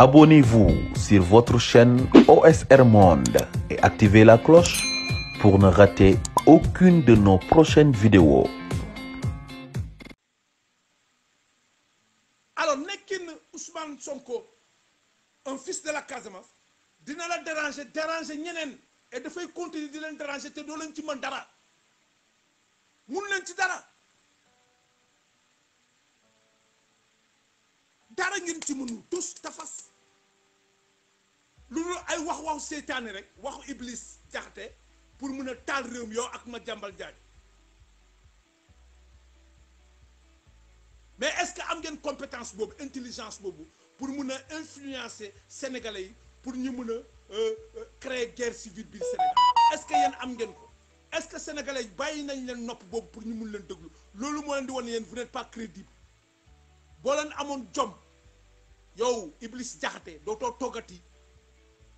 Abonnez-vous sur votre chaîne OSR Monde et activez la cloche pour ne rater aucune de nos prochaines vidéos. alors nekkin Ousmane Sonko un fils de la Casamance dina la déranger déranger ñeneen et dafay continuer di leen déranger te doo leen ci mën dara mun leen ci dara dara ngeen ci tafas. lu dul ay wax waxu seytaane rek waxu iblis jaxate pour mun a taal réew mi yow ak ma jàmbal jaaj mais est-ce que am ngeen compétence boobu intelligence boobu pour mën a influencer sénégalais yi pour ñu mën a euh, euh, créer guerre civile biir Sénégal est-ce que yéen am ngeen ko est-ce que sénégalais yi bàyyi nañ leen nopp boobu pour ñu mun leen déglu loolu moo leen di wan yéen vous n'êtes pas crédible boo leen amoon jom yow Iblis jaxate dootoo toggati.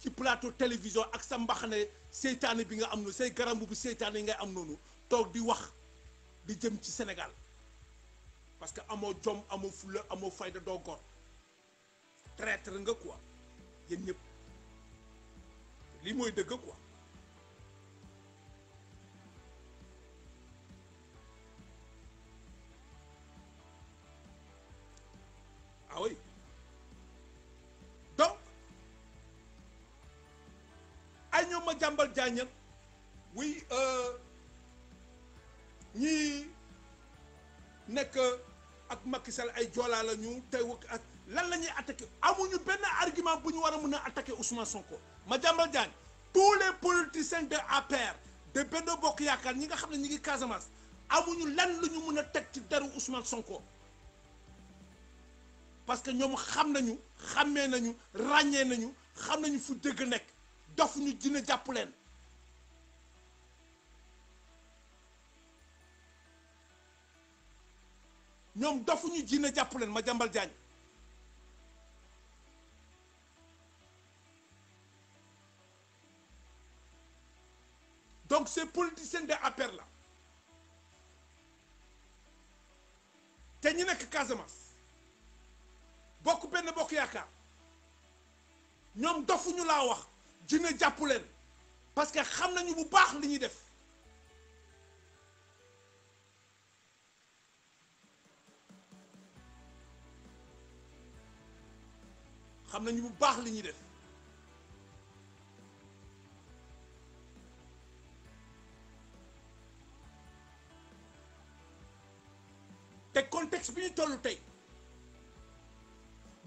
ci plateau télévision ak sa mbaxane seytaane bi nga am noonu say garambu bu seytaane yi ngay am noonu toog di wax di jëm ci Sénégal parce que amoo jom amoo fulla amoo fayda doo gor traître nga quoi yéen ñëpp lii mooy dëgg quoi ñoom ma jàmbal jaañag oui euh, ñii nekk ak Macky Sall ay joolaa la ñu tey ak lan lañuy ñuy attaqué amuñu benn argument bu ñu war a mun a attaqué Ousmane Sonko ma jàmbal jaañ tous les politiciens de APR de Benno Bokk Yaakaar ñi nga xam ne ñi ngi Casamance amuñu lan lañu mun a teg ci deru Ousmane Sonko parce que ñoom xam nañu xàmmee nañu ràññee nañu xam nañu fu dëgg nekk dof ñu dina jàpp ñoom dofu ñu dina jàpp ma jàmbal jaañ donc ces politiciens de APR la te ñi nekk Casamance bokk benn bokk yaakaar ñoom dofuñu laa wax jinne jàpp leen parce que xam nañu bu baax li ñuy def xam nañu bu baax li ñuy def te contexte bi ñu toll tey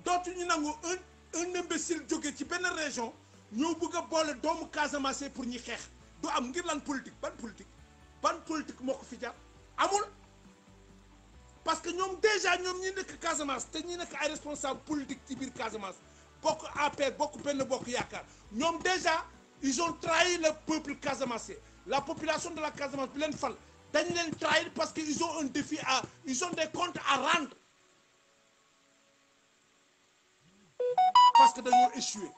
dootuñu nangu un un imbécile jóge ci benn région ñoo bëgg a boole doomu Casamance pour ñi xeex du am ngir lan politique ban politique ban politique moo ko fi jar amul parce que ñoom déjà ñoom ñi nekk Casamance te ñi nekk ay responsable politique ci biir Casamance bokk APR bokk penn bokk yaakaar ñoom déjà ils ont trahi le peuple casamançais la population de la Casamance bi leen fal dañ leen trahir parce que ils ont un défi à ils ont des comptes à rendre parce que dañoo échoué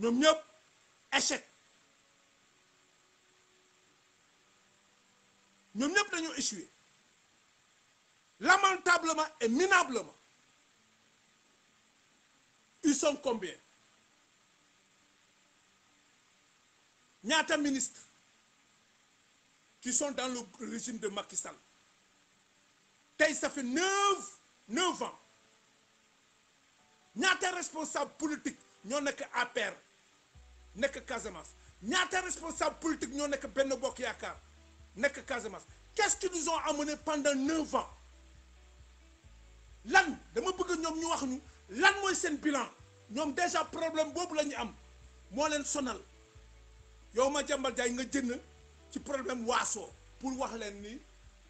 ñoom ñëpp échec ñoom ñëpp dañoo échoué lamentablement et minablement ils sont combien ñaata ministre qui sont dans le régime de Macky tey ça fait neuf neuf ans ñaata responsable politique ñoo nekk APR nekk Casamance ñaata responsable politique ñoo nekk benn bokk yaakaar nekk Casamance qu'est-ce qu'ils nous ont amené pendant neuf ans lan dama bëgg ñoom ñu wax ñu lan mooy seen bilan ñoom déjà problème boobu la ñu am moo leen sonal yow ma jàmbal jaay nga jënd ci problème waasoo pour wax leen ni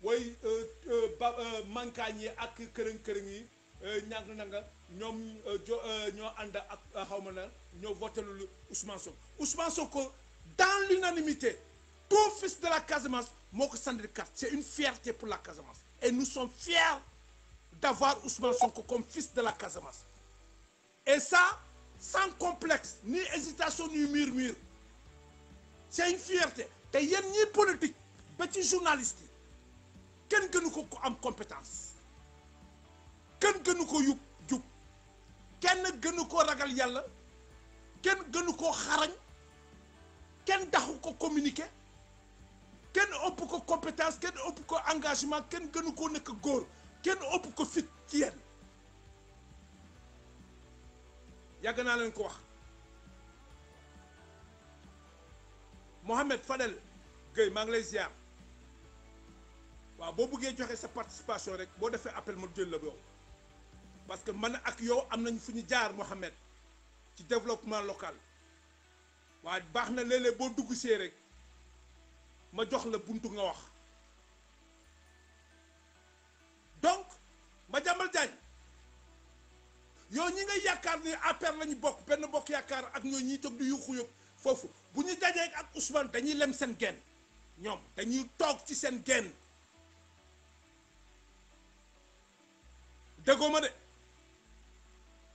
way euh, euh, ba euh, mankaañ yi ak kërëng kërëng yi ñàng nanga ñoom euh, euh, ñoo ànd ak euh, xaw ma na ñoo votelul Ousmane Sonko Ousmane Sonko dans l'unanimité tout fils de la Casamance moo ko sànni carte c'est une fierté pour la Casamance et nous sommes fiers d'avoir Ousmane Sonko comme fils de la Casamance et ça sans complexe ni hésitation ni murmure c'est une fierté te yéen ñi politique ba ci journaliste yi kenn gënu ko ko am compétence kenn gënu ko yub kenn gënu koo ragal yàlla kenn gënu ko xarañ kenn taxu ko communiquer kenn ëpp ko compétence kenn ëpp ko engagement kenn gënu koo nekk góor kenn ëpp ko fit ci yéen yàgg naa leen ko wax Mohamed Fadel Gueye maa ngi lay ziar waaw boo buggee joxe sa participation rek boo defee appel ma jël la boobu parce que man ak yow am nañ fu ñu jaar Mohamed ci développement local waaye baax na léeg-léeg boo dugg see rek ma jox la buntu nga wax donc ma jàmbal Diagne yow ñi nga yaakaar ni APR lañu bokk benn bokk yaakaar ak ñoo ñiy toog di yuuxu yëpp foofu bu ñu dajee ak Ousmane dañuy lem seen genn ñoom dañuy toog ci seen genn déggoo ma de.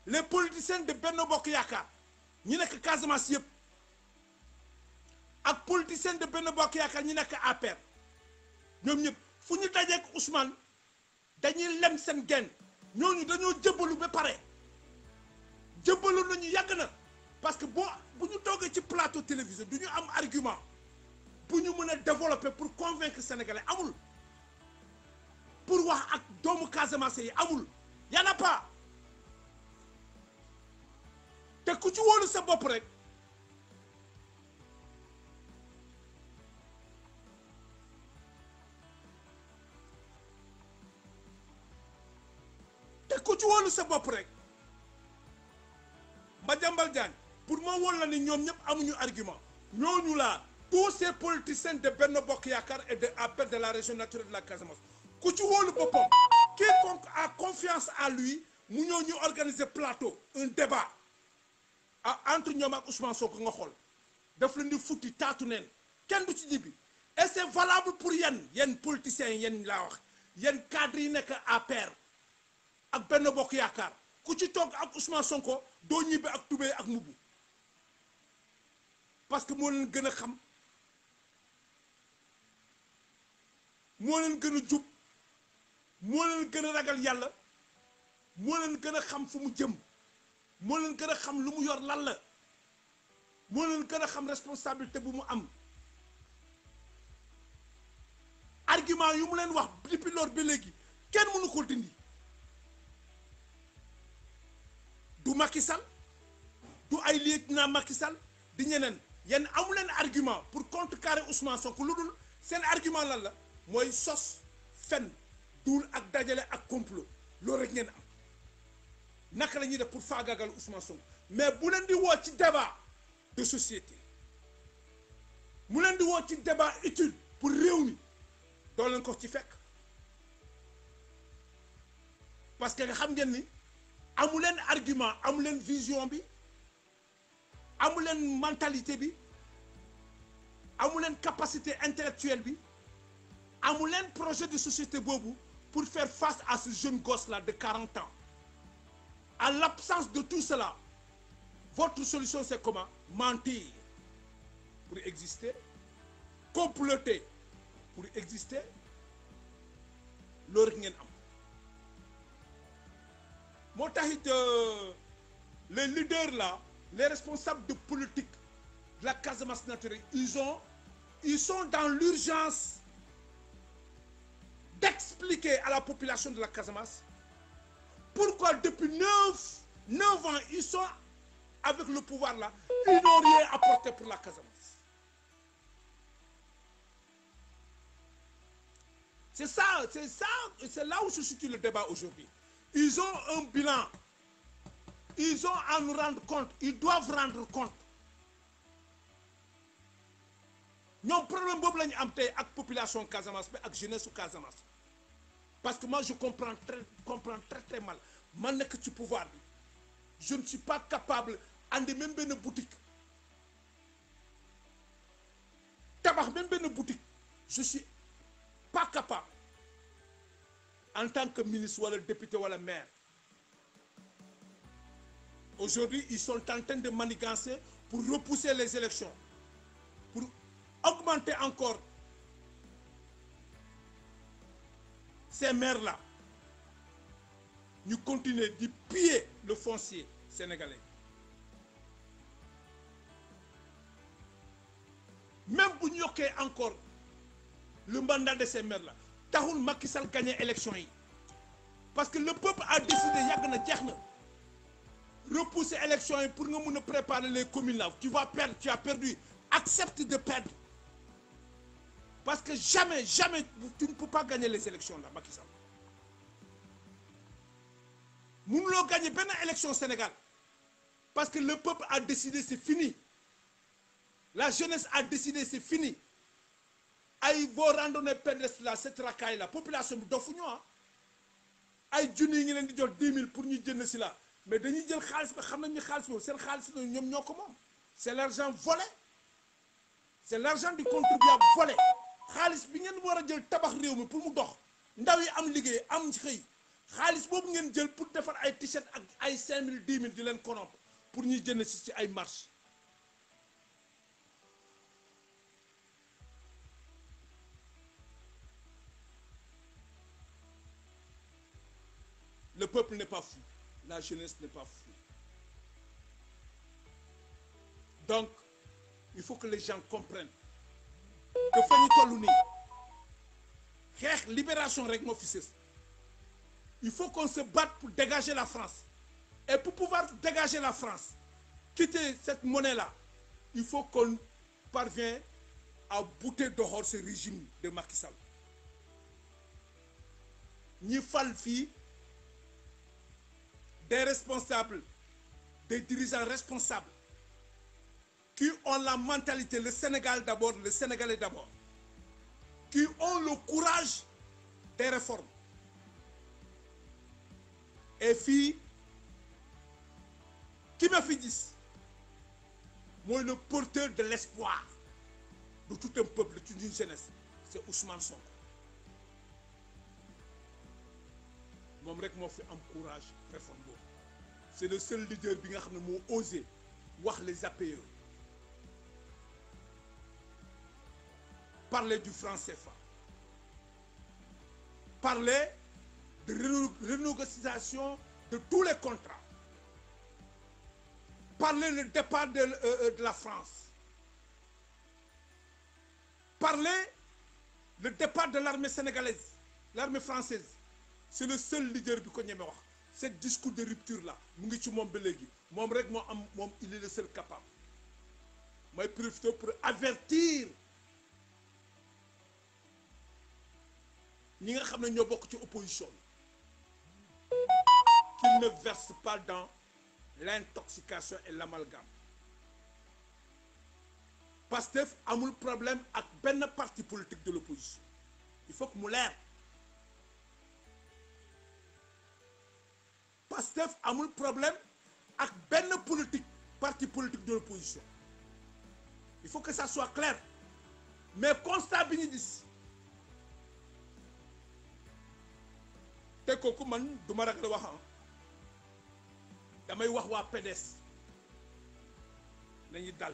les politiciens de benn Bokk Yaakaar ñi nekk Casamance yëpp ak politiciens de benn Bokk Yaakaar ñi nekk APR ñoom ñëpp fu ñu dajeek Ousmane dañuy lem seen ñoo ñooñu dañoo jëbbalu ba pare jëbbalu nañu yàgg na parce que bo bu ñu toogee ci plateau télévisé du ñu am argument bu ñu mën a développer pour convaincre sénégalais amul pour wax ak doomu Casamance yi amul y en te ku ci wóolu sa bopp rek te ku ci wóolu sa bopp rek Madiambal Diagne pour moo woon la ni ñoom ñëpp amuñu argument ñu laa tous ces politiciens de Benno Bokk Yaakaar et de APR de la région naturelle de la Casamance ku ci wóolu boppam quiconque a confiance à lui mu ñëw ñu organiser plateau un débat entre ñoom ak Ousmane Sonko nga xool daf leen di futti taatu neen kenn du ci ñibbi et c' est valable pour yenn yenn politiciens yenn laa wax yenn cadres yi nekk APR ak benn bokk yaakaar ku ci toog ak Ousmane Sonko doo ñibbi ak tubéy ak mbubb parce que moo leen gën a xam moo leen gën a jub moo leen gën a ragal yàlla moo leen gën a xam fu mu jëm. moo leen gën a xam lu mu yor lan la moo leen gën a xam responsabilité bu mu am argument yu mu leen wax depuis lors ba léegi kenn mënu ko dindi du Macky Sall du ay lieutenant Macky sal di ñeneen yenn amu leen argument pour contrecarrer Ousmane Sonko lu dul seen argument lan la mooy sos fen duul ak dajale ak complot loolu rek ngeen am. naka la ñuy def pour faagaagal Ousmane Sonko mais bu leen di woo ci débat de société mu leen di woo ci débat utile pour réew doo leen ko ci fekk parce que nga xam ngeen ni amu leen argument amu leen vision bi amu leen mentalité bi amu leen capacité intellectuelle bi amu leen projet de société boobu pour faire face à ce jeune gosse la de 40 ans. à l'absence de tout cela votre solution c'est comment mentir pour exister comploter pour exister loolu ngeen am moo taxit euh, les leaders là les responsables de politique de la Casamance naturelle ils ont ils sont dans l'urgence d'expliquer à la population de la Casamance pourquoi depuis neuf neuf ans ils sont avec le pouvoir là ils n'ont rien apporté pour la Casamance c'est ça c'est ça c'est là où se situe le débat aujourd'hui ils ont un bilan ils ont à nous rendre compte ils doivent rendre compte ñoom problème boobu la ñu am tey ak population Casamance bi ak jeunesse su Casamance parce que moi je comprends très comprends très très mal man nekk ci pouvoir bi je ne suis pas capable andi même benn boutique tabax même benn boutique je suis pas capable en tant que ministre wala député wala maire aujourd'hui ils sont en train de manigancer pour repousser les élections pour augmenter encore ces maires-là ñu continuer di piller le foncier sénégalais même bu ñu yokkee encore le mandat de ces maires-là taxul Macky Sall gagné élection yi parce que le peuple a décidé yàgg na jeex na repousser élection yi pour nga mun a préparer les communes là tu vas perdre tu as perdu accepte de perdre Parce que jamais, jamais, tu ne peux pas gagner les élections là, Macky Sall. Nous ne gagner pas élection au Sénégal. Parce que le peuple a décidé, c'est fini. La jeunesse a décidé, c'est fini. ay boo randonnée pédestre la cette racaille la population bi dofuñu ah ay junni yi ngi di jox 10 000 pour ñu jënd si la mais dañuy jël xaalis ba xam nañ ñu xaalis boobu seen xaalis la ñoom ñoo ko moom c' est l' argent volé c' est l' xaalis bi ngeen war a jël tabax réew mi pour mu dox ndaw yi am liggéey am xëy xaalis boobu ngeen jël pour defar ay t-shirt ak ay 5000 10 000 di leen konoom pour ñuy jënd si ci ay marché le peuple n'est pas fou la jeunesse ne pas fou donc il faut que les gens comprennent que fa ñu toll xeex libération rek moo il faut qu'on se batte pour dégager la France et pour pouvoir dégager la France quitter cette monnaie-là il faut qu'on parvienne à bouter dehors ce régime de Macky Sall ñi fii des responsables des dirigeants responsables qui ont la mentalité, le Sénégal d'abord, le Sénégalais d'abord, qui ont le courage des réformes. Et fii ki ma fi gis mooy le porteur de l'espoir de tout un peuple, d'une jeunesse, c'est Ousmane Sonko. moom rek moo fi am courage réforme boobu c'est le seul leader bi nga xam ne moo osé wax les APE parler du franc CFA parler de renégociation de tous les contrats parler le départ de, euh, euh, la France parler le départ de l'armée sénégalaise l'armée française c'est le seul leader bi ko ñeme wax ce discours de rupture là mu ngi ci moom ba léegi moom rek moo am moom il est le seul capable mooy avertir ñi nga xam ne ñoo bokk ci opposition bi qu'il ne verse pas dans l'intoxication et l'amalgame Pastef amul problème ak benn parti politique de l'opposition il faut que mu leer Pastef amul problème ak benn politique parti politique de l'opposition il faut que ça soit clair mais constat bi gis te kooku man du ma ragal wax ah. damay wax waa PDS nañu dal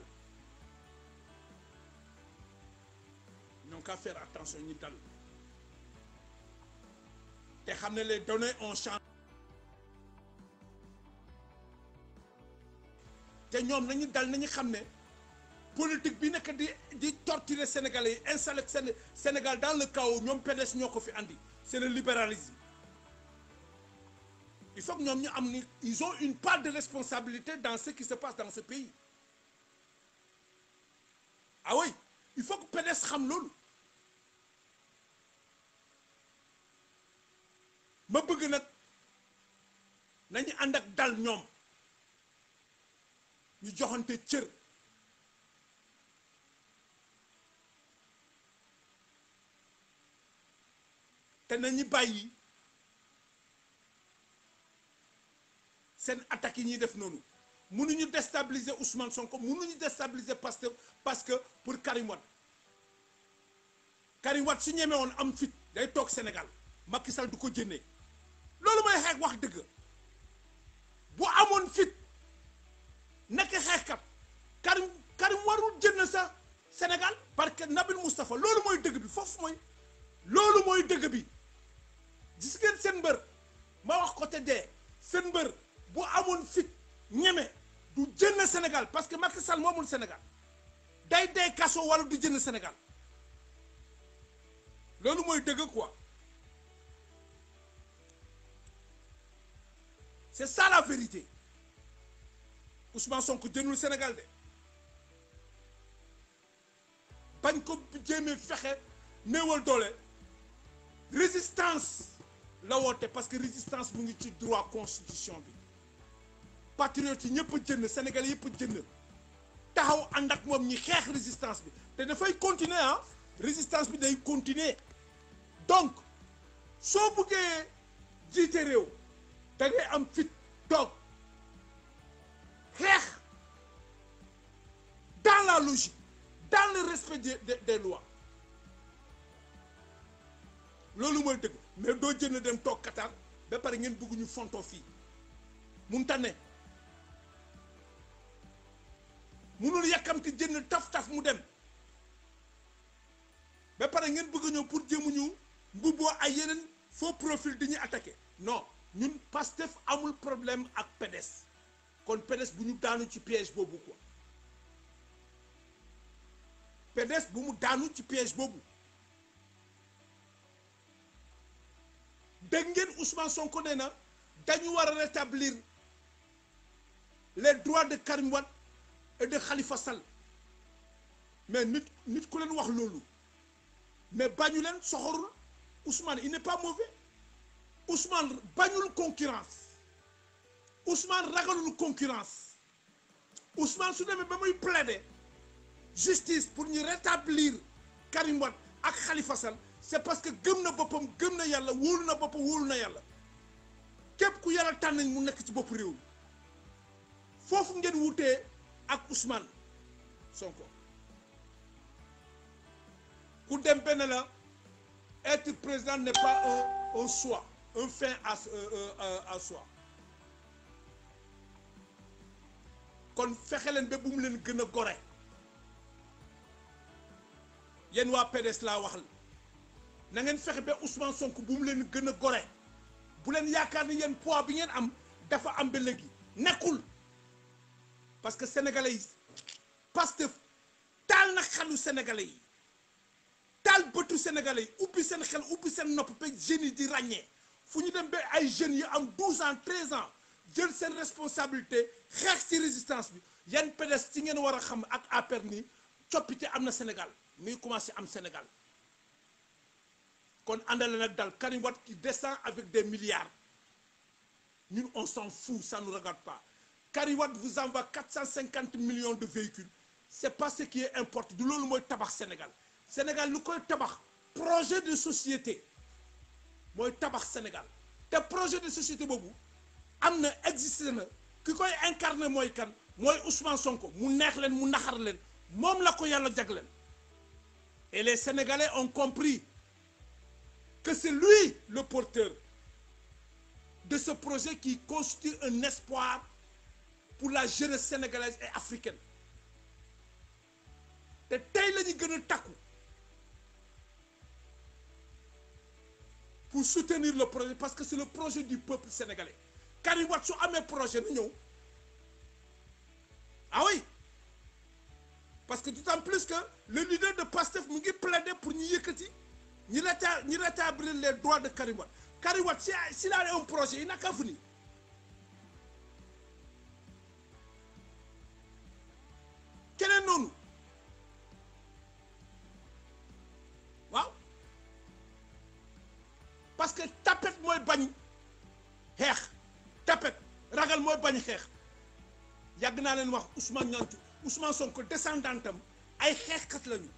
ñoo ngi faire attention ñu dal te xam ne les données ont changé te ñoom nañu dal nañu xam ne politique bi nekk di di torturer Sénégalais yi installer Sénégal daal le kaw ñoom PDS ñoo ko fi indi c'est le libéralisme il faut que ñoom ñu am ni ils ont une part de responsabilité dans ce qui se passe dans ce pays ah il faut que xam lool ma bëgg nag nañu ànd ak dal ñoom ñu joxante cër te na ñu bàyyi seen attaques yi ñuy def noonu mënuñu déstabiliser Ousmane Sonko mënuñu déstabiliser Pastef parce que pour Karim Wade Karim Wade su woon am fit day toog Sénégal Macky Sall du ko jëndee loolu mooy xeex wax dëgg bu amoon fit nekk xeexkat Karim Karim warul jënd sa Sénégal parce que Nabil Moustapha loolu mooy dëgg bi foofu mooy loolu mooy dëgg bi. Sall moomul Sénégal day dee kaso wala du jënd Sénégal loolu mooy dëgg quoi c'est ça la vérité Ousmane sonk jëndul Sénégal de bañ ko jéemee fexe néewal doole résistance la woote parce que résistance bu ngi ci droit constitution bi patriote yi ñëpp jënd Sénégal yëpp jënd. taxaw ànd ak moom ñi xeex résistance bi te dafay continuer ah. résistance bi day continuer donc soo buggee jiite réew da ngay am fit toog xeex dans la logique dans le respect de des lois loolu mooy dëgg mais doo jënd dem toog Qatar ba pare ngeen bugg ñu fii mun tane mënul yàkkamti jënd taf-taf mu dem ba pare ngeen bëgg a ñëw pour jéemuñu mbubboo ay yeneen faux profil di ñuy attaqué non ñun Pastef amul problème ak pedes kon PDS bu ñu daanu ci piège boobu quoi PDS bu mu daanu ci piège boobu dégg ngeen Ousmane Sonko nee na dañu war a rétablir les droits de Karim et de mais nit nit ku leen wax loolu mais bañu leen soxoru la Ousmane il n'est pas mauvais Ousmane bañul concurrence Ousmane ragalul concurrence Ousmane su demee ba muy plaider justice pour ñu rétablir Karim ak Khalifa Sall c'est parce que gëm na boppam gëm na yàlla wóolu na boppam wóolu na yàlla képp ku yàlla tànn nañ mu nekk ci boppu réew foofu ngeen wutee ak Ousmane Sonko ku dempe ne la être président n'est pas un un choix un fin à euh, euh, à kon fexe leen ba bu mu leen gën a gore yéen waa PDS laa wax la na ngeen fexe ba Ousmane Sonko bu mu leen gën a gore bu leen yaakaar ni yéen poids bi ngeen am dafa am ba léegi nekkul. parce que sénégalais yi que taal na xelu sénégalais yi taal bëtu sénégalais yi ubbi seen xel ubbi seen nopp ba jeunes yi di ràññee fu ñu dem ba ay jeunes yi am 12 ans 13 ans jël seen responsabilité xeex si résistance bi yan PDS ci ngeen war a xam ak APR nii coppite am na Sénégal muy commencé am Sénégal kon àndale nag dal Karim Wade qui descend avec des milliards ñun on s'en fout ça nous regarde pas Karim Wade vous envoie 450 millions de véhicules c'est pas ce qui est importé du loolu mooy tabax Sénégal Sénégal lu koy tabax projet de société mooy tabax Sénégal te projet de société boobu am na existé na ki koy incarné mooy kan mooy Ousmane Sonko mu neex leen mu naxar leen moom la ko yàlla jagleen et les Sénégalais ont compris que c'est lui le porteur de ce projet qui constitue un espoir pour la jeunesse sénégalaise et africaine te tey la ñu gën a takku pour soutenir le projet parce que c'est le projet du peuple sénégalais Karim Wade su amee projet na ñëw ah parce que d'autant plus que le leader de PASTEF mu ngi plaider pour ñu yëkkati ñu rétablir les droits de Karim Wade Karim Wade s'il a un projet il n'a qu'à venir keneen noonu waaw parce que tapet mooy bañ xeex tapet ragal mooy bañ xeex yàgg naa leen wax Ousmane ñantu Ousmane Sonko am ay xeexkat lañu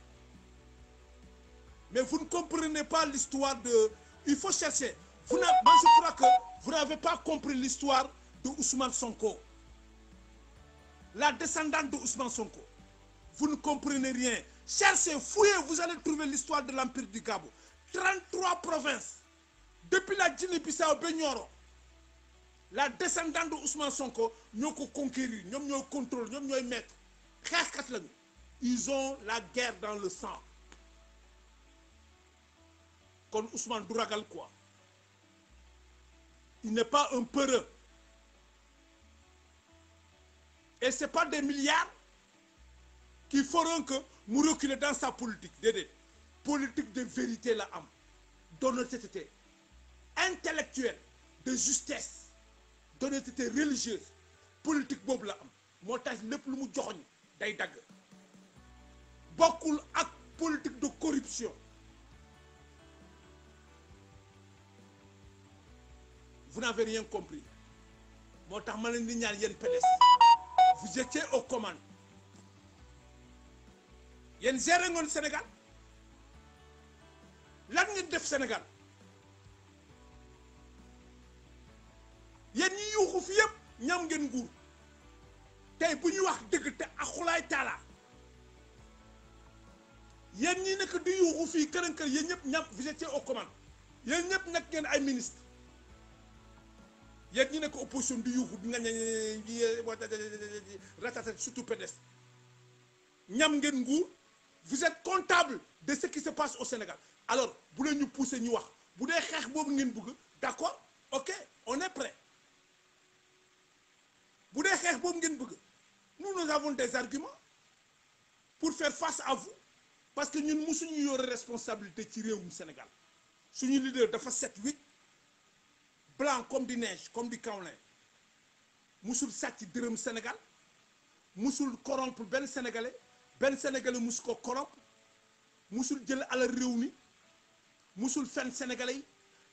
mais vous ne comprenez pas l'histoire de il faut chercher vous na moi je crois que vous n'avez pas compris l'histoire de Ousmane Sonko la descendante de Ousmane Sonko vous ne comprenez rien. Cherchez, fouillez, vous allez trouver l'histoire de l'Empire du Gabou. 33 provinces, depuis la Guinée-Bissau, Benyoro, la descendante de Ousmane Sonko, nous avons conquérir, nous avons contrôle, nous avons maître. Ils ont la guerre dans le sang. Comme Ousmane Douragal, quoi. Il n'est pas un peureux. Et ce n'est pas des milliards, kii feront que mu reculer dans sa politique déedéet politique de vérité la am d'honnêteté intellectuelle de justesse d'honnêteté religieuse politique boobu la am moo tax lépp lu mu joxoñ day dagg bokkul ak politique de corruption vous n'avez rien compris moo tax ma leen di ñaan yéen PDS vous étiez aux commandes yéen gérer ngoon Sénégal lan ngeen def Sénégal yéen ñi yuuxu fi yëpp ñam ngeen nguur tey bu ñuy wax dëgg te ak xulaay taalaa yéen ñi nekk di yuuxu fii këran kër yéen ñëpp ñam vous étiez aux commandes yéen nekk ngeen ay ministre yéen ñi nekk opposition di yuuxu di nga ratata surtout PDS ñam ngeen nguur vous êtes comptable de ce qui se passe au Sénégal alors bu leen ñu pousser ñu wax bu dee xeex boobu ngeen bëgg d'accord ok on est prêt bu dee xeex boobu ngeen bëgg nous nous avons des arguments pour faire face à vous parce que ñun musuñu yore responsabilité ci réewum Sénégal suñu leader dafa set wecc blanc comme di neige comme di kaolin musul sàcc dërëm Sénégal musul corrompre benn sénégalais. benn sénégalais musu ko korop musul jël alal réew mi musul fen sénégalais yi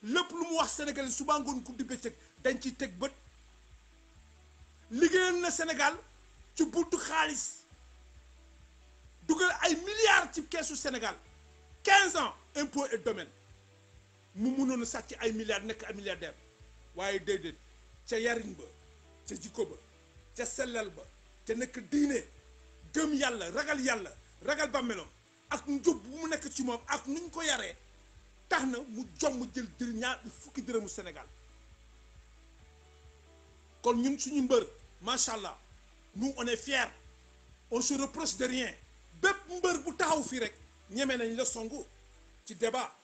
lépp lu mu wax sénégalais suba ngoon guddi bëccëg dañ ci teg bët liggéeyal na Sénégal ci buntu xaalis dugal ay milliards ci keesu Sénégal quinze ans impôt et domaine mu mënoon a sàcc ay milliards nekk ay milliardaire waaye déedéet ca yariñ ba ca jikko ba ca sellal ba ca nekk diine gëm yàlla ragal yàlla ragal bàmmeelam ak njub bu mu nekk ci moom ak nuñ ko yaree tax na mu jomm jël dër ñaar fukki dërëmu Sénégal kon ñun suñu mbër macha allah nous on est fiers on se reproche de rien bépp mbër bu taxaw fii rek ñeme nañ la songu ci débat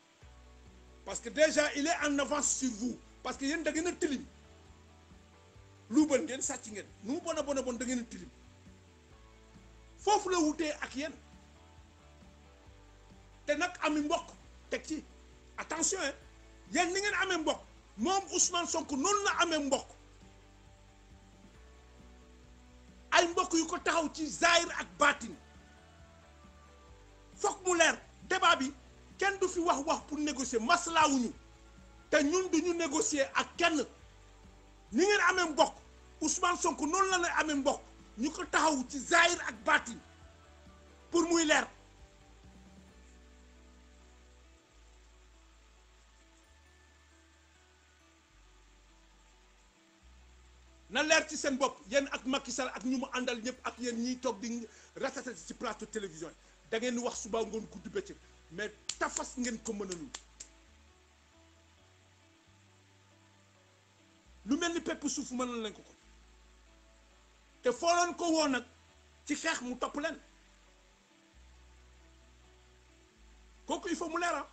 parce que déjà il est en avance sur vous parce que yéen da ngeen a tilim lu bon ngeen sàcc ngeen nu mu bon a bon a ngeen a tilim. foofu la wutee ak yéen te nag ami mbokk teg ci attention hein yéen ni ngeen amee mbokk moom Ousmane Sonko noonu la amee mbokk ay mbokk yu ko taxaw ci zaahir ak baatin foog mu leer débat bi kenn du fi wax wax pour négocier maslaawuñu te ñun duñu négocier ak kenn ñi ngeen amee mbokk Ousmane Sonko noonu la lay amee mbokk ñu ko taxaw ci zahir ak baatin pour muy leer na leer ci seen bopp yéen ak Macky Sall ak ñu mu àndal ñëpp ak yéen ñiy toog di ratatati ci plateau télévision yi da ngeen wax suba ngoon guddi bëccëg mais tafas ngeen ko mënalul lu mel ni pepp suuf mënal nañ ko ko te fooloon ko woon nag ci xeex mu topp leen kooku il faut mu leera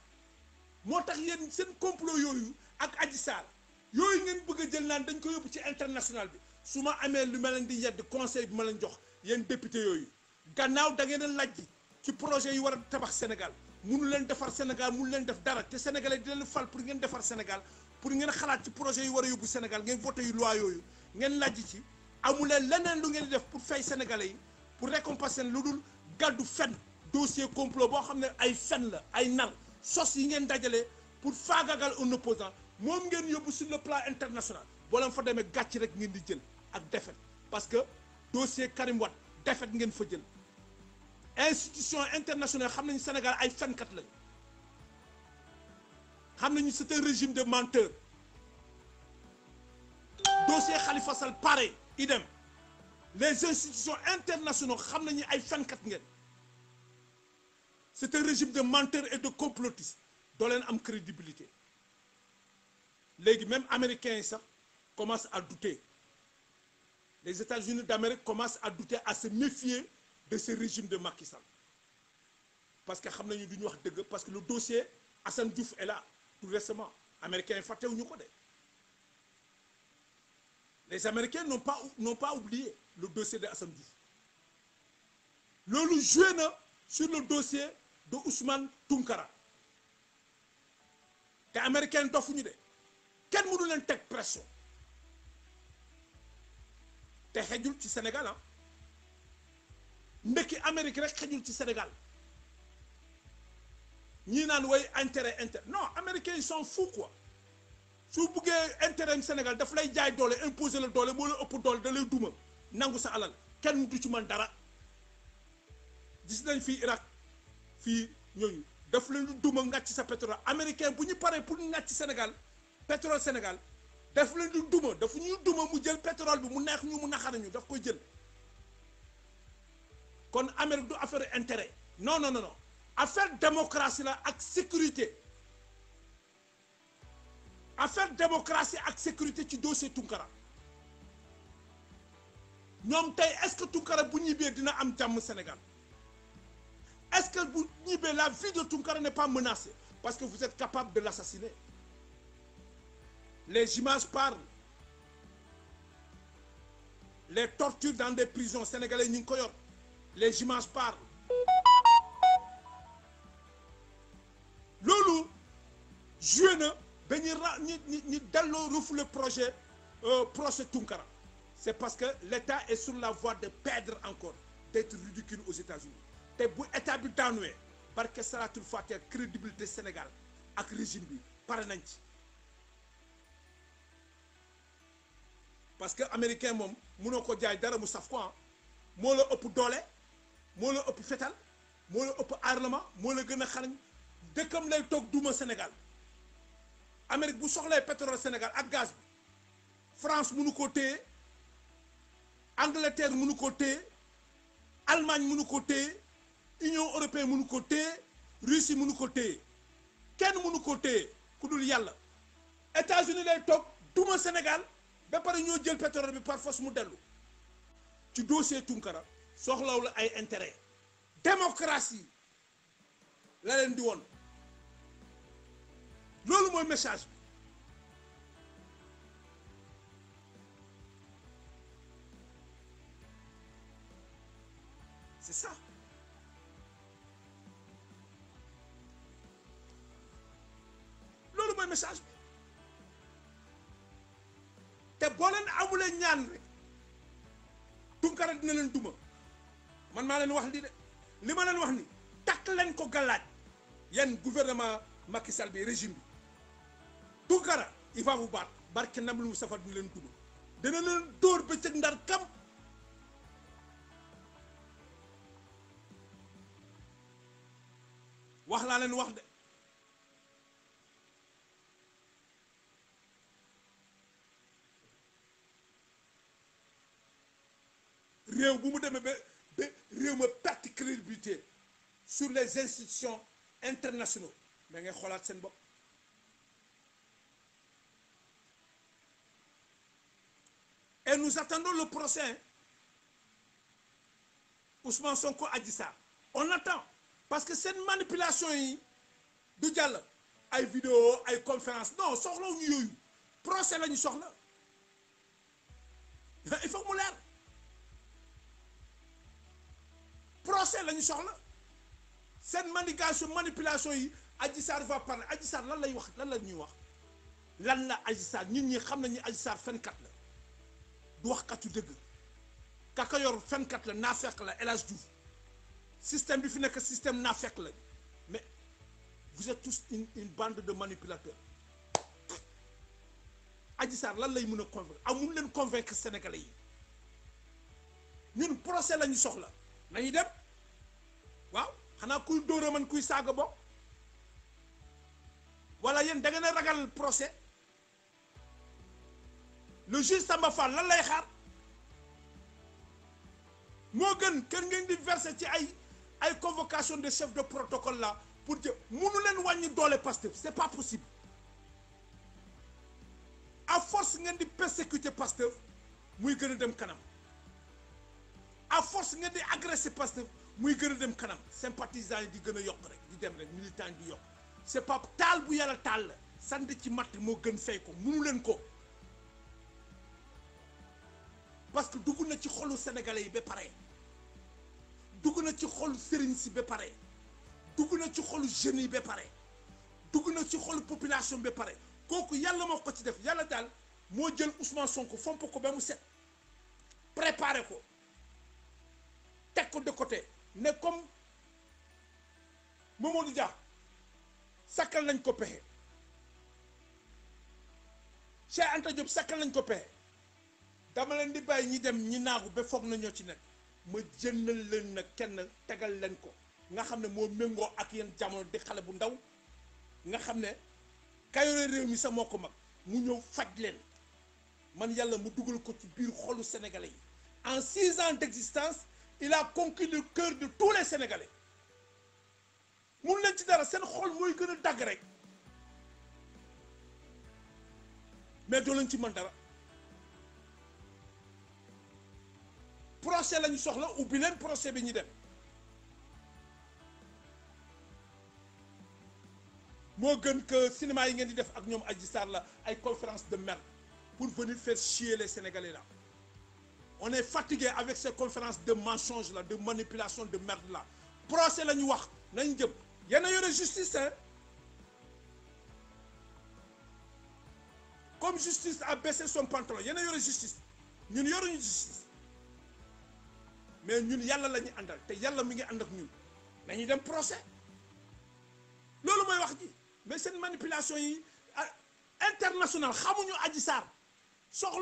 moo tax yéen seen complot yooyu ak Adji Sarr yooyu ngeen bëgg a jël naan dañ ko yóbbu ci international bi su ma amee lu ma leen di yedd conseil bi ma leen jox yéen député yooyu gannaaw da ngeen a laaj ci projet yi war a tabax Sénégal munu leen defar Sénégal munu leen def dara te sénégalais di leen fal pour ngeen defar Sénégal pour ngeen xalaat ci projet yi war a yóbbu Sénégal ngeen voté yu yooyu ngeen laaj ci. amuleen leneen lu ngeen di def pour fay sénégalais yi pour récompenser lu dul gàddu fen dossier complot boo xam ne ay fen la ay nar sos yi ngeen dajalee pour faagagal un opposant moom ngeen yóbbu sur le plan international boo leen fa demee gàcc rek ngeen di jël ak défaite parce que dossier Karim Wade défaite ngeen fa jël institution internationale xam nañu Sénégal ay fenkat lañu xam nañu c'est un régime de menteur dossier Khalifa Sall pareil idem les institutions internationales xam nañu ay fenkat ngeen c'est un régime de menteurs et de complotistes doo leen am crédibilité léegi même américains sax commencent à douter les États-Unis d'Amérique commencent à douter à se méfier de ce régime de Macky Sall parce que xam nañu du ñu wax dégg parce que le dossier assan Diouf est là tout récemment américains yi fàttewuñu ko de les Américains n'ont pas n'ont pas oublié le dossier de Assane Diouf loolu joué na sur le dossier de Ousmane Tunkara te Américains dofuñu de kenn mënu leen teg pression te xejul ci Sénégal ah ndekki Amérique rek xejul ci Sénégal ñii naan way intérêt intérêt non Américains ils sont fous quoi. su buggee intérêt Sénégal daf lay jaay doole imposer la doole moo la ëpp doole da lay duma nangu sa alal kenn du ci man dara gis nañ fii Irak fii ñooñu daf leen duma ci sa pétrole américain bu ñu paree pour ngàcc Sénégal pétrole Sénégal daf leen di duma dafa ñuy duma mu jël pétrole bi mu neex ñu mu naxar ñu daf koy jël kon Amérique du affaire intérêt non non non affaire démocratie la ak sécurité. affaire démocratie ak sécurité ci dossier Tunkara ñoom tey est-ce que Tunkara bu ñibbee dina am jàmm Sénégal est-ce que bu ñibbee la vie de Tunkara n'est pas menacée parce que vous êtes capable de l'assassiner les images parlent les tortures dans des prisons sénégalais ñu ngi ko yor les images parlent loolu joué na. ba ñu ra ñu ñu ñu delloo refoulé projet euh, projet Tunkara c'est parce que l'État est sur la voie de perdre encore d'être ridicule aux États-Unis te bu état bi daanuwee barke salatul fatiha crédibilité Sénégal ak régime bi pare nañ ci parce que américain moom munoo ko jaay dara mu saf ko ah. moo la ëpp doole moo la ëpp fetal moo la ëpp armement moo la gën a xarañ dëkkam lay toog duma Sénégal Amérique bu soxlee pétrole Sénégal ak gaz bi France mënu ko téye Angleterre mënu ko téye Allemagne mënu ko téye Union européenne mënu ko téye Russie mënu ko téye kenn mënu ko téye ku dul yàlla États-Unis lay toog duma Sénégal ba pare ñoo jël pétrole bi par force mu dellu ci dossier Tunkara soxlaw la ay intérêt démocratie la leen di woon loolu mooy message bi c'est ça loolu mooy message te boo leen amulee ñaan rek Tunkara dina leen duma man maa leen wax li de li ma leen wax ni takk leen ko galaaj yan gouvernement Macky Sall bi régime bi Tounkara il va vous baat barke nam lu safar du leen dugg dana leen dóor bëccëg ndar kam wax laa leen wax de réew bu mu demee ba ba réew ma perte crédibilité sur les institutions internationaux da ngay xoolaat seen bopp Et nous attendons le procès. Ousmane Sonko a dit On attend. Parce que cette manipulation yi du jàll ay vidéo ay conférence non soxlawuñu yooyu procès la ñu soxla il faut mu leer procès la ñu soxla seen manipulation manipulation yi Adji Sarr va parler Adji Sarr lan lay wax lan la ñuy wax lan la Adji Sarr ñun ñi xam nañu Adji Sarr fenkat la du waxkatu dëgg kaka yor fenkat la naafeq la El Hadj Diouf système bi fi nekk système naafeq la mais vous êtes tous une bande de manipulateur Adji Sarr lan lay mun a convaincre amul ah, leen convaincre sénégalais yi ñun procès la soxla nañu dem waaw xanaa kuy dóora man kuy saaga bo wala yéen da ngeen a ragal procès le juge Samba lan lay xaar moo gën kër ngeen di verser ci ay ay convocation de chef de protocole la pour que munu leen wàññi doole Pastef c'est pas possible à force ngeen di persécuter Pastef muy gën a dem kanam à force ngeen di agresser Pastef muy gën a dem kanam sympathisants yi di gën a yokk rek di dem rek militants yi di yokk c'est pas taal bu yàlla taal la sant ci matt moo gën fay ko munu leen ko parce que dugg na ci xolu sénégalais yi ba pare dugg na ci xolu sëriñ si ba pare dugg na ci xolu jeunes yi ba pare dugg na ci xolu population ba pare kooku yàlla moo ko ci def yàlla daal moo jël Ousmane sonk fomp ko ba mu set préparé ko teg ko de côté ne comme Mamadou Dia sakkal nañ ko pexe Cheikh Anta Diop sakkal nañ ko pexe. dama leen di bàyyi ñi dem ñi naagu ba foog na ñoo ci nekk ma jëndal leen na kenn tegal leen ko nga xam ne moo méngoo ak yéen jamono di xale bu ndaw nga xam ne kayore réew mi sa moo ko mag mu ñëw faj leen man yàlla mu dugal ko ci biir xolu sénégalais yi en six ans d'existence il a conquis le cœur de tous les sénégalais mun leen ci dara seen xol mooy gën a dagg rek mais doo leen ci mën dara procès lañu soxla ubbi leen procès bi ñu dem moo gën que cinéma yi ngeen di def ak ñoom Adji Sarr la ay conférence de merde pour venir faire chier les Sénégalais là on est fatigué avec ces conférences de mensonge là de manipulation de merde la procès la ñu wax nañ jëm yéen a yore justice hein comme justice a baissé son pantalon yéen yore justice ñun yoruñu justice mais ñun yàlla la ñu àndal te yàlla mi ngi ànd ak ñun nañu dem procès loolu mooy wax ji mais seen manipulation yi ah, international xamuñu Adji Sarr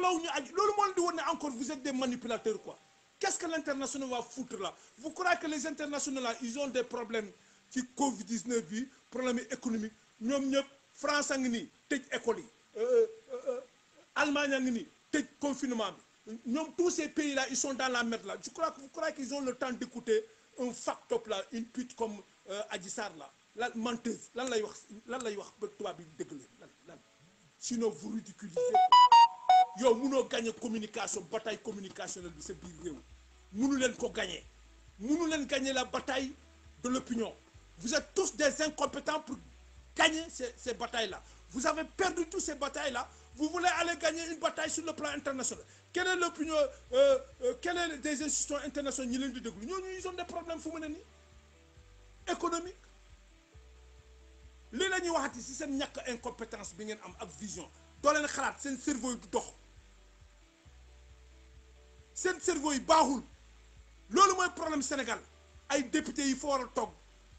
ñu Adji loolu moo leen di wan ne encore vous êtes des manipulateurs quoi qu'est-ce que l'international va foutre là vous croyez que les internationaux là ils ont des problèmes ci Covid-19 bi problème économique ñoom ñëpp France a ngi nii tëj école yi euh, euh, euh, Allemagne a ngi nii tëj confinement bi ñoom tous ces pays là ils sont dans la merde là je crois que vous croyez qu'ils ont le temps d'écouter un fact-top là une pute comme euh, Adji Sarr la la menteuse lan lay wax lan lay wax ba tubaab bi la leen lan lan sinon vous ridiculisez yow munoo gagné communication bataille communicationnelle bi sa biir réew munu leen ko gagné munu leen gagné la bataille de l'opinion vous êtes tous des incompétents pour gagner ces ces batailles là vous avez perdu toutes ces batailles là vous voulez aller gagner une bataille sur le plan international quelle est l'opinion euh, euh, quelle est des institutions internationales ñi leen di déglu ñoo ils ont des problèmes fu mu ne nii économique lii la ñuy waxati si seen ñàkk incompétence bi ngeen am ak vision doo leen xalaat seen cerveau yi du dox seen cerveau yi baaxul loolu mooy problème Sénégal ay députés yi fa war a toog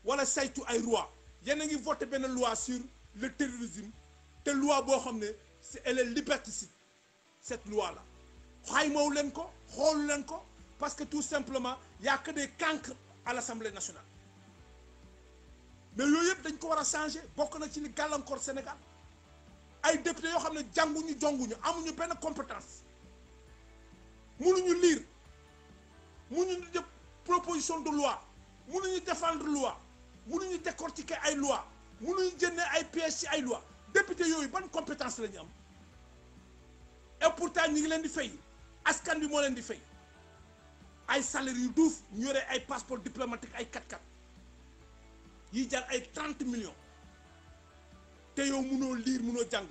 wala saytu ay roi yéen a ngi voté benn loi sur le terrorisme te loi boo xam ne c'est elle est liberticide cette loi la xaymawu leen ko xoolu leen ko parce que tout simplement y a que des cancres à l'Assemblée nationale mais yooyu yëpp dañ ko war a changer bokk na ci li gàllankoor Sénégal ay député yoo xam ne jànguñu jonguñu amuñu benn compétence mënuñu lire mënuñu def proposition de loi mënuñu défendre loi mënuñu décortiquer ay loi ñu jëndee ay pièces ci ay loi député yooyu ban compétence la ñu am et pourtant ñu ngi leen di fay askan bi moo leen di fay ay salaire yu duuf ñu yore ay passeport diplomatique ay 4x4 yi jar ay 30 millions te yow munoo liir munoo jàng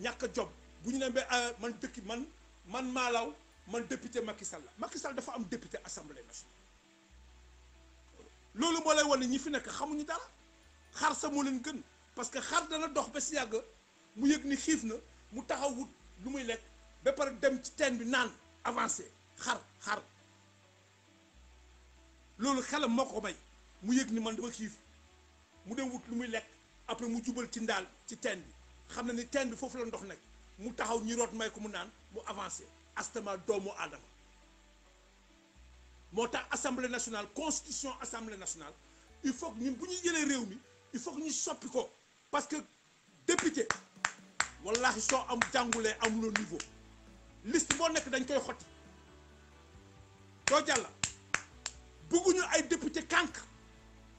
ñàkk a job bu ñu demee euh, man dëkk man man maalaw man député Macky Sall la Macky dafa am député assemblée nationale loolu moo lay wane ñi fi nekk xamuñu dara xar sa moo leen gën parce que xar dana dox ba si yàgg mu yëg ni xiif na mu taxaw lu muy lekk ba pare dem ci teen bi naan. avancé xar xar loolu xelam moo ko may mu yëg ni man dama xiif mu dem wut lu muy lekk après mu jubal ci ndaal ci teen bi xam na ni ten bi foofu la ndox nekk mu taxaw ñi root may ko mu naan mu avancé astama doomu aadama moo tax assemblée nationale constitution assemblée nationale il faut que ñun bu ñu jëlee réew mi il faut que soppi ko parce que député wallaahi soo am jàngulee amuloo niveau liste boo nekk dañ koy xotti doo jàll bëgguñu ay député cancre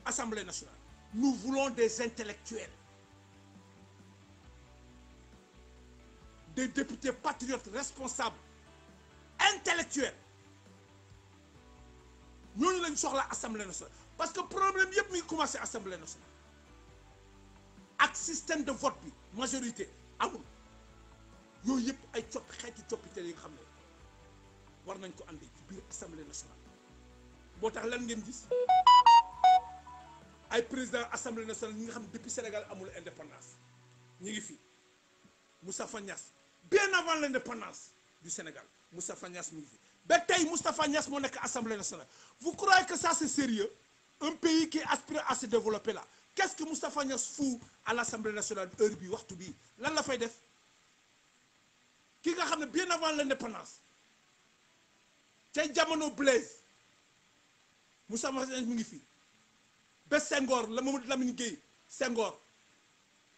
assemblée nationale nous voulons des intellectuels des députés patriotes responsables intellectuels ñooñu lañ soxla assemblée nationale parce que problème yëpp mi ngi commencé assemblée nationale ak système de vote bi majorité amul yooyu yëpp ay coppi xeeti coppite yi nga xam ne war nañ ko andi ci biir assemblée nationale boo tax lan ngeen gis ay président assemblée nationale ñi nga xam ne depuis Sénégal amul indépendance ñi ngi fi Moustapha Niass bien avant l' indépendance du Sénégal Moustapha Niass mi ngi fi ba tey Moustapha Niass moo nekk assemblée nationale vous croyez que ça c' est sérieux un pays qui aspire à se développer là qu'est-ce que Moustapha Niass fout à l' assemblée nationale heure bi lan la fay def. ki nga xam ne bien avant l'indépendance ce jamono Blaise Moussa Massène mu ngi fi ba Senghor la Mamadou Lamine Gueye sengoor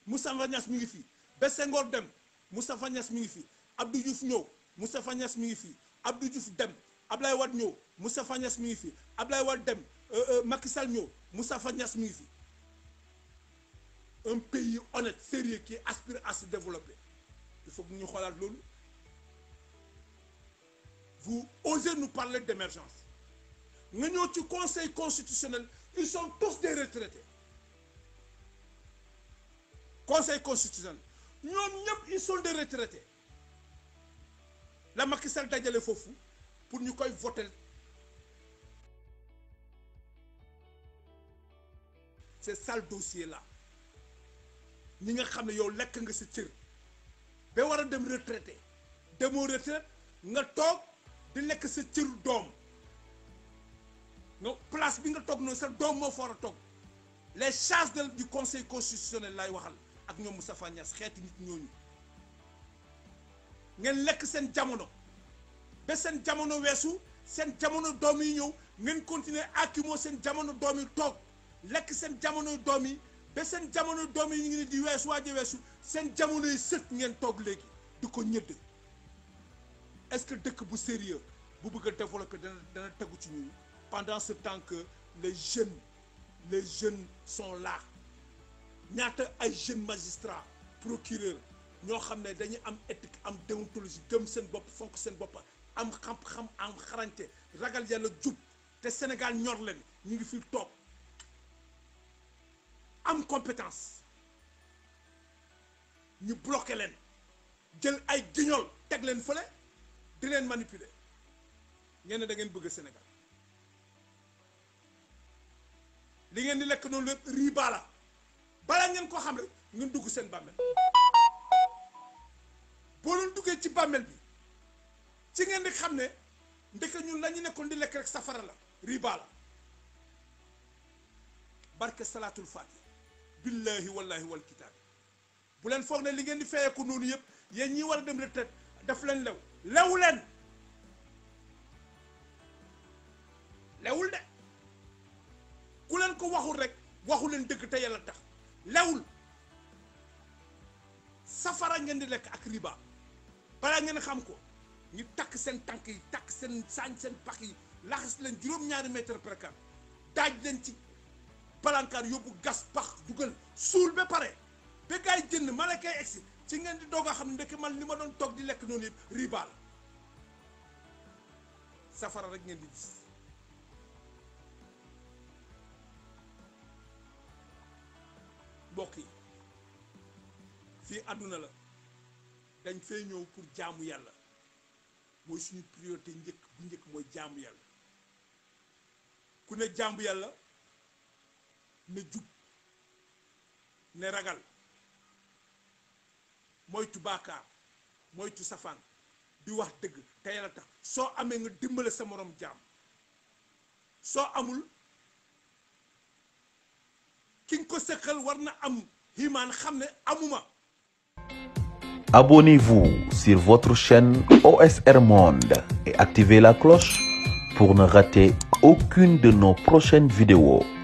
Moustapha Niasse mi ngi fi ba Senghor dem Moustapha Niasse mi ngi fi Abdou Diouf ñëw Moustapha Niasse mi ngi fi Abdou Diouf dem Ablaye Wade ñëw Moustapha Niasse mi ngi fi Ablaye Wade dem euh, euh, Macky Sall ñëw Moustapha Niasse mi ngi fi un pays honnête sérieux qui aspire à se développer il faut que ñu xoolaat loolu vous osez nous parler d'émergence nga ñëw ci conseil constitutionnel ils sont tous des retraités conseil constitutionnel ñoom ñëpp ils sont des retraités la Macky Sall dajale foofu pour ñu koy votel c'est ça le dossier là ñi nga xam ne yow lekk nga si cër ba war a dem retraité demoo retraite nga toog di lekk sa cëru doom non place bi nga toog noonu sa doom moo fa a toog les charges de du conseil constitutionnel lay waxal ak ñoom sa Niass xeeti nit ñooñu ngeen lekk seen jamono ba seen jamono weesu seen jamono doom yi ñëw ngeen continuer akimoo seen jamono doom yi toog lekk seen jamono doom yi ba seen jamono doom yi ñu ngi ne di weesu waaje weesu seen jamono yi sët ngeen toog léegi di ko ñëdd est-ce que dëkk bu sérieux bu bëgg a développer dana dana tegu ci ñun pendant ce temps que les jeunes les jeunes son là ñaata ay jeunes magistrats procureurs ñoo xam ne dañuy am éthique am déontologie gëm seen bopp fonk seen bopp am xam-xam am xarañte ragal yàlla jub te Sénégal ñor leen ñu ngi fi toog am compétence ñu bloqué leen jël ay guignol teg leen fële. di leen manipuler ngeen dangeen bëgg Sénégal li ngeen di lekk noonu lépp riz bala bala ngeen koo xam rek ngeen dugg seen bàmmeel boo leen duggee ci bàmmeel bi ci ngeen di xam ne ndeke ñun la ñu nekkoon di lekk rek safara la riz bala barke salaatul faati billahi wallahi wal kitaab bu leen foog ne li ngeen di fayeeku noonu yëpp yéen ñii war a dem retraite daf leen lew lewu leen lewul de ku leen ko waxul rek waxu leen dëgg te yàlla tax lewul safara ngeen di lekk ak riba balaa ngeen xam ko ñu takk seen tànk yi takk seen saañ seen pax yi laxas leen juróom-ñaari mètre percar daaj leen ci balankaar yóbbu gas pax dugal suul ba pare ba gaay jënd malakay si ci ngeen di doog a xam ndekk man li ma doon toog di lekk noonu yëpp riba la safara rek ngeen di gis mbokk fii àdduna la dañ fee ñëw pour jaamu yàlla mooy suñu priorité njëkk bu njëkk mooy jaamu yàlla ku ne jaamu yàlla ne jub ne ragal moytu baakaar moytu safaan di wax dëgg te yàlla soo amee nga dimbale sa moroom jaam soo amul ki ko sëqal war na am himaan xam ne amuma Abonnez-vous sur votre chaîne OSR Monde et activez la cloche pour ne rater aucune de nos prochaines vidéos.